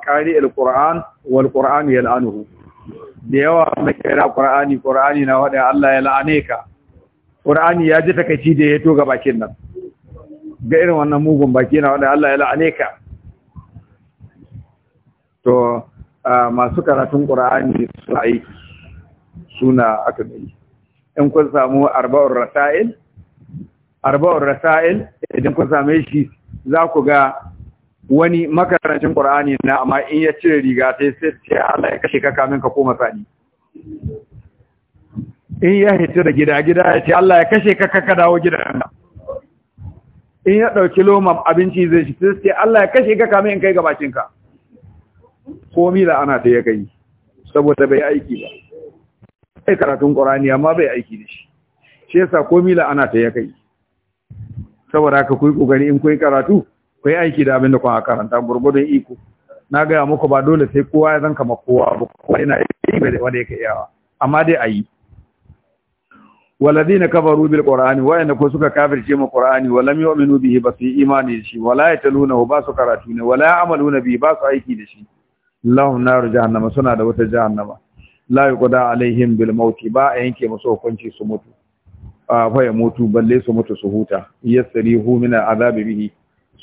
qari al-qur'an wal qur'an yal'anuhu da yawa mai kira qur'ani qur'ani na wada Allah ya la'ane ka qur'ani ya ji takaici da ya to ga bakin nan ga irin wannan mugun baki na wanda Allah ya la'ane ka to masu karatun Qur'ani su aiki suna aka yi in kun samu arba'ur rasail arba'ur rasail idan kun same shi za ku ga wani makarancin qur'ani na amma in ya cire riga sai sai ce Allah ya kashe ka kamin ka koma sani in ya hita da gida gida ya ce Allah ya kashe ka ka dawo gidan in ya dauki loman abinci zai shi sai ce Allah ya kashe ka kamin in kai gabacin ka komi da ana ta ya kai saboda bai aiki ba sai karatun qur'ani amma bai aiki da shi shi yasa komi ana ta ya kai saboda haka kuyi kokari in kuyi karatu ku yi aiki da abin da a karanta gurgudun iko na gaya muku ba dole sai kowa ya zanka makowa ba kowa yana yi wanda yake yawa amma dai ayi. yi walladina kafaru bil qur'ani wa inna ko suka kafirce mu qur'ani wa lam yu'minu bihi ba su imani da shi wala yataluna ba su karatu ne wala amaluna bihi ba su aiki da shi lahum nar jahannama suna da wata jahannama la yuqda alaihim bil maut ba a yanke musu hukunci su mutu a fa mutu balle su mutu su huta yasrihu min azabi bihi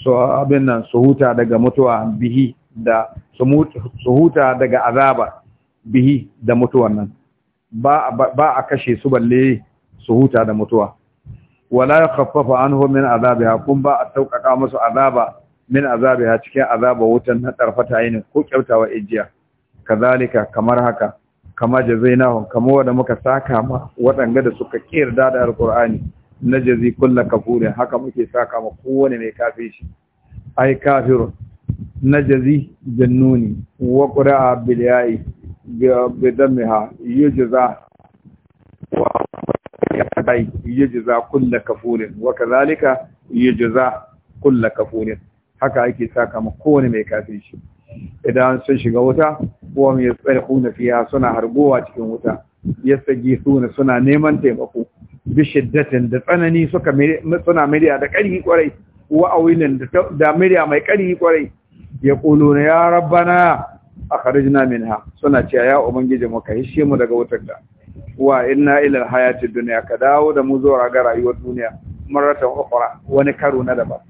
su abin nan su huta daga mutuwa bihi da su huta daga azaba bihi da mutuwa nan ba a kashe su balle su huta da mutuwa wala yakhaffafa anhu min azabiha kun ba a sauƙaƙa musu azaba min azabiha cikin azaba wutan na tarfata yin ko kyautawa ijiya kazalika kamar haka kama jazainahum kama wanda muka saka ma waɗanda da suka kirda da alqur'ani najazi kulla kafurin haka muke saka ma kowane mai kafe shi ai kafirun najazi jannuni wa qura'a bil ya'i bi damha yujza wa yujza kulla kafurin wa kadhalika yujza kulla kafurin haka ake saka ma kowane mai kafe shi idan sun shiga wuta ko mai tsarkuna fiya suna harbowa cikin wuta yastagithuna suna neman taimako bishiddatin da tsanani suka suna murya da ƙarfi kwarai wa da murya mai ƙarfi kwarai ya na ya rabbana akhrijna minha suna cewa ya ubangiji mu ka hishe mu daga wutar da wa inna ila hayatid duniya ka dawo da mu zuwa ga rayuwar duniya marratan ukhra wani karo na daba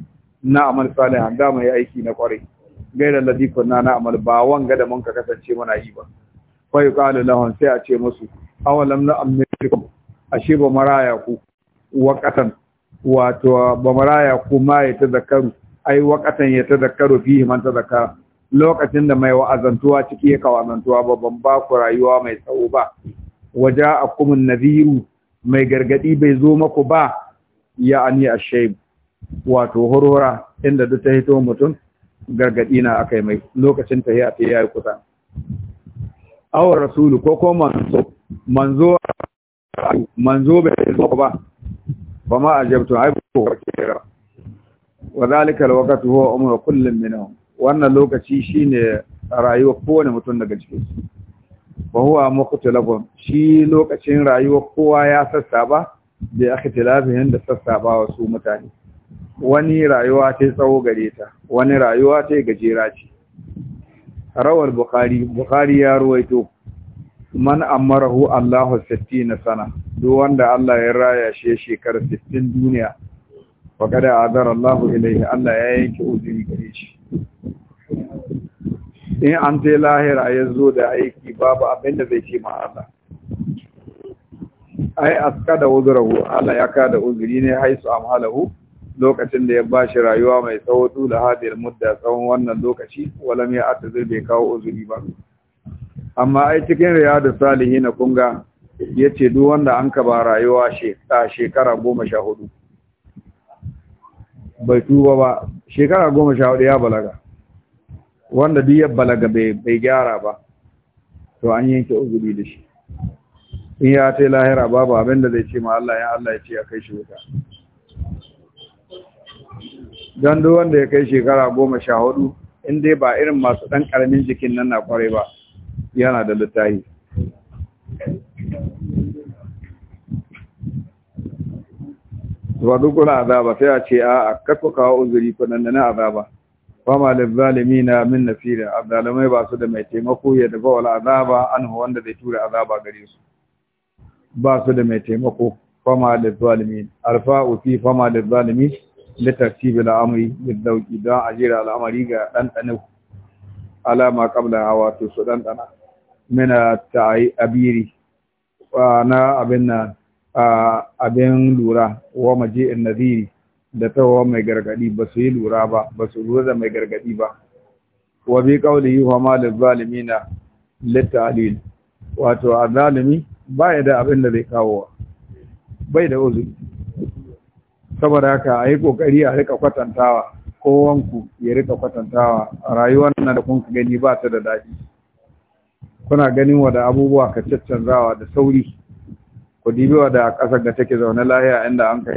na amal salihan da mai aiki na kwarai gaira ladhi kunna na amal ba wanga da mun ka kasance muna yi ba fa yuqalu lahum sai a ce musu awalam na ashe ba maraya ku waƙatan wato ba maraya ku ma ya ta zakaru ai waƙatan ya ta zakaru fi man ta zaka lokacin da mai wa'azantuwa ciki ya kawazantuwa ba ban ba ku rayuwa mai tsawo ba waje a kumin naziru mai gargadi bai zo maku ba ya ani a shaibu wato horora inda duk ta hito mutum gargadi na aka mai lokacin ta ya ta yi kusa awar rasulu ko ko manzo manzo manzo bai zo ba ba ma ajabtu ai ko kira wa zalika alwaqtu huwa umru kullin minhum wannan lokaci shine rayuwar kowane mutum daga cikin su wa huwa muqtalabun shi lokacin rayuwar kowa ya ba da ikhtilafihin da sassaba ba wasu mutane wani rayuwa ta tsawo gare ta wani rayuwa ta gajera ce rawar bukhari bukhari ya ruwaito man amarahu Allahu na sana duk wanda Allah ya raya shi shekar 60 duniya wa kada azara Allahu ilaihi Allah ya yanke uzuri gare shi in an ta lahira ya zo da aiki babu abin da zai ce ma Allah ai da uzurahu Allah ya kada uzuri ne haisu amhalahu lokacin da ya bashi rayuwa mai tsawo da hadir mudda tsawon wannan lokaci walam ya atazir bai kawo uzuri ba amma ai cikin riyadu salihi na kunga ya ce duk wanda an ka ba rayuwa shekara goma sha hudu bai tuba ba shekara goma sha hudu ya balaga wanda duk ya balaga bai gyara ba to an yanke uzuri da shi in ya ta lahira babu abin da zai ce ma Allah ya Allah ya ce ya kai shi wuta don duk wanda ya kai shekara goma sha hudu in dai ba irin masu ɗan ƙaramin jikin nan na kwarai ba yana da littahi ba kuna azaba sai a ce a kakwa kawo uzuri na azaba ba ma zalimi na min nasira, azalamai ba su da mai taimako ya dafa wala azaba an wanda zai tura azaba gare su ba su da mai taimako fama da zalimi Alfa, fi fama da zalimi da tartibi al'amari da dauki don ajira al'amari ga ɗanɗanin alama kabla hawa to su ɗanɗana mina ta abiri na abin na abin lura wa maji'in nadiri da ta wa mai gargadi ba su yi lura ba ba su lura da mai gargadi ba wa bi qawlihi wa ma lil zalimina lit ta'lil wato azalimi ba ya da abin da zai kawo bai da uzuri saboda haka yi kokari a rika kwatantawa kowanku ya rika kwatantawa a rayuwar nan da kun gani ba ta da daɗi kuna ganin wa da abubuwa ka caccanzawa da sauri ku dibi wa da ƙasar da take zaune lahiya inda an ka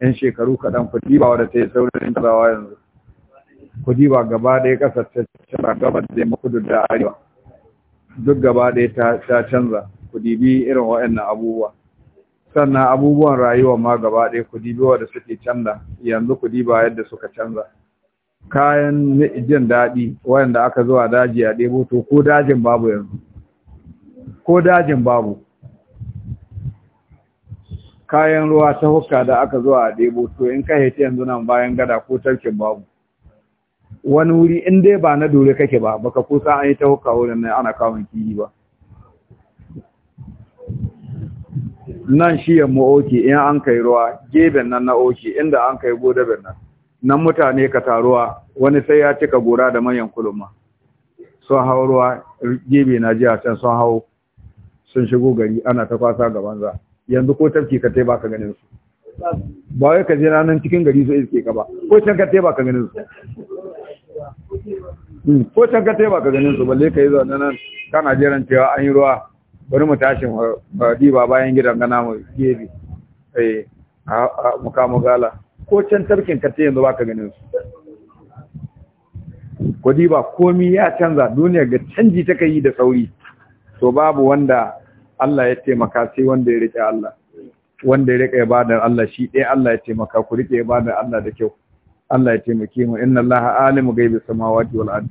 yan shekaru kaɗan ku diba wada da ta yi saurin tazawa yanzu ku diba gaba ɗaya ƙasar ta canza gaba da yamma da arewa duk gaba ɗaya ta canza ku dibi irin waɗannan abubuwa sannan abubuwan rayuwa ma gaba ɗaya kuɗi, dibi da suke canza yanzu kuɗi ba yadda suka canza kayan jin daɗi wayanda aka zuwa daji a ɗebo to ko dajin babu yanzu ko dajin babu kayan ruwa ta hukka da aka zuwa a ɗebo to in ka haifi yanzu nan bayan gada ko tarkin babu wani wuri in dai ba na dole kake ba baka kusa an yi ta hukka wurin nan ana kawon kiyi ba nan shi yamma oke in an kai ruwa geben nan na oke inda an kai godaben nan nan mutane ka taruwa wani sai ya cika gora da manyan kuluma sun hau ruwa gebe na jiya can sun hau sun shigo gari ana ta kwasa ga banza yanzu ko tafki ka tai baka ganin su ba wai ka je nan cikin gari sai iske ka ba ko can ka tai baka ganin su hmm, ko can ka tai baka ganin su balle ka yi zaune nan kana jiran cewa an yi ruwa bari mu tashi diba bayan gidan gana eh, mu gebe eh gala ko can tarkin ka yanzu baka ganin su ko diba komi ya canza duniya ga canji ta yi da sauri to babu wanda Allah ya taimaka sai wanda ya rike Allah wanda ya rike ibadar Allah shi dai Allah ya taimaka ku rike ibadar Allah da kyau Allah ya taimake mu inna Allah alimu ghaibi samawati wal ardi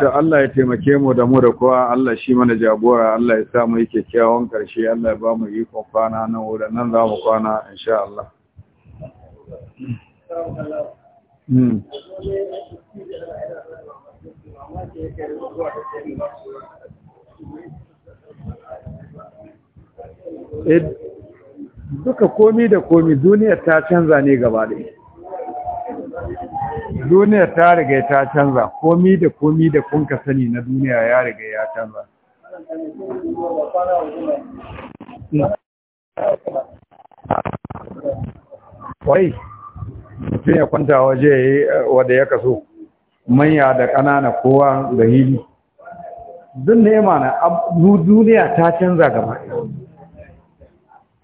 ta Allah ya taimake mu da mu da kowa Allah shi mana jagora Allah ya sa mu yi kyakkyawan karshe Allah ya ba mu yi kwana nan wurin nan za mu kwana insha Allah hmm. eh, duka komi da komi duniyar ta canza ne gaba ɗaya duniya ta riga ta canza komi da komi da kun ka sani na duniya ya riga ya canza wai mutum ya kwanta waje ya yi eh, wadda ya kaso manya da ƙanana kowa da hili duk nema na duniya ta canza gaba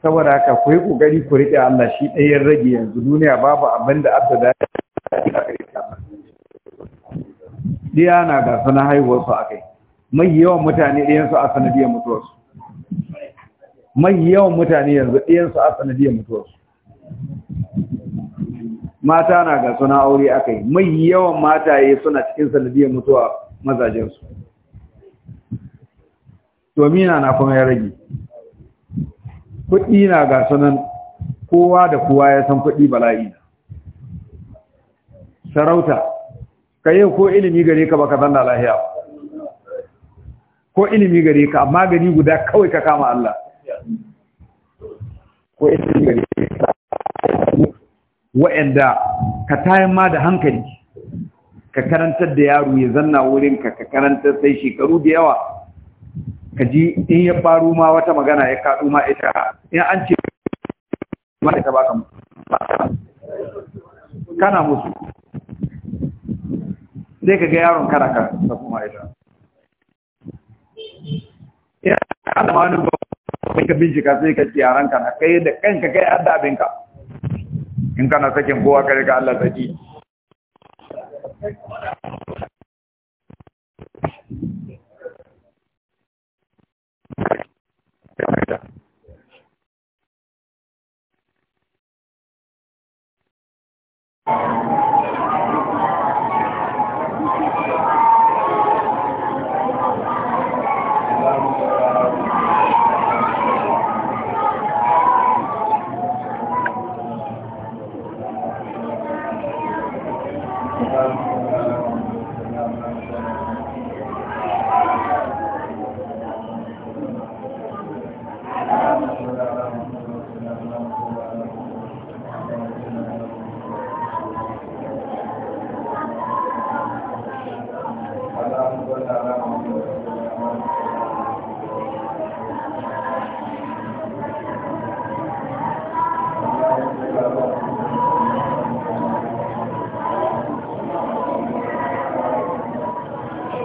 saboda haka ku yi ƙoƙari ku riƙe Allah shi ɗayan rage yanzu duniya babu abu da ya diya na ga haihuwar su a kai mai yawan mutane ɗiyansu a sanadiyar su. mai yawan mutane yanzu ɗiyansu a sanadiyar mutuwarsu mata na ga suna aure a kai mai yawan mataye suna cikin sanadiyar mutuwa mazajensu domina na kuma ya rage kuɗi na ga sunan kowa da kowa ya san kuɗi bala'i na sarauta kai ko ilimi gare ka baka zanna lahiya ko ilimi gare ka amma gari guda kawai ka kama Allah ko ilimi gare ka wa'anda ka tayin ma da hankali ka karantar da yaro ya zanna wurin ka ka karantar sai shekaru da yawa ka ji in ya faru ma wata magana ya kaɗu ma ita in an ce ma ita baka kana musu zai ga yaron karaka ka kuma ita ya kada wani bai ka bincika sai ka yaran kana kai da kanka kai adabin ka in kana sakin kowa ka riga Allah saki Thank you.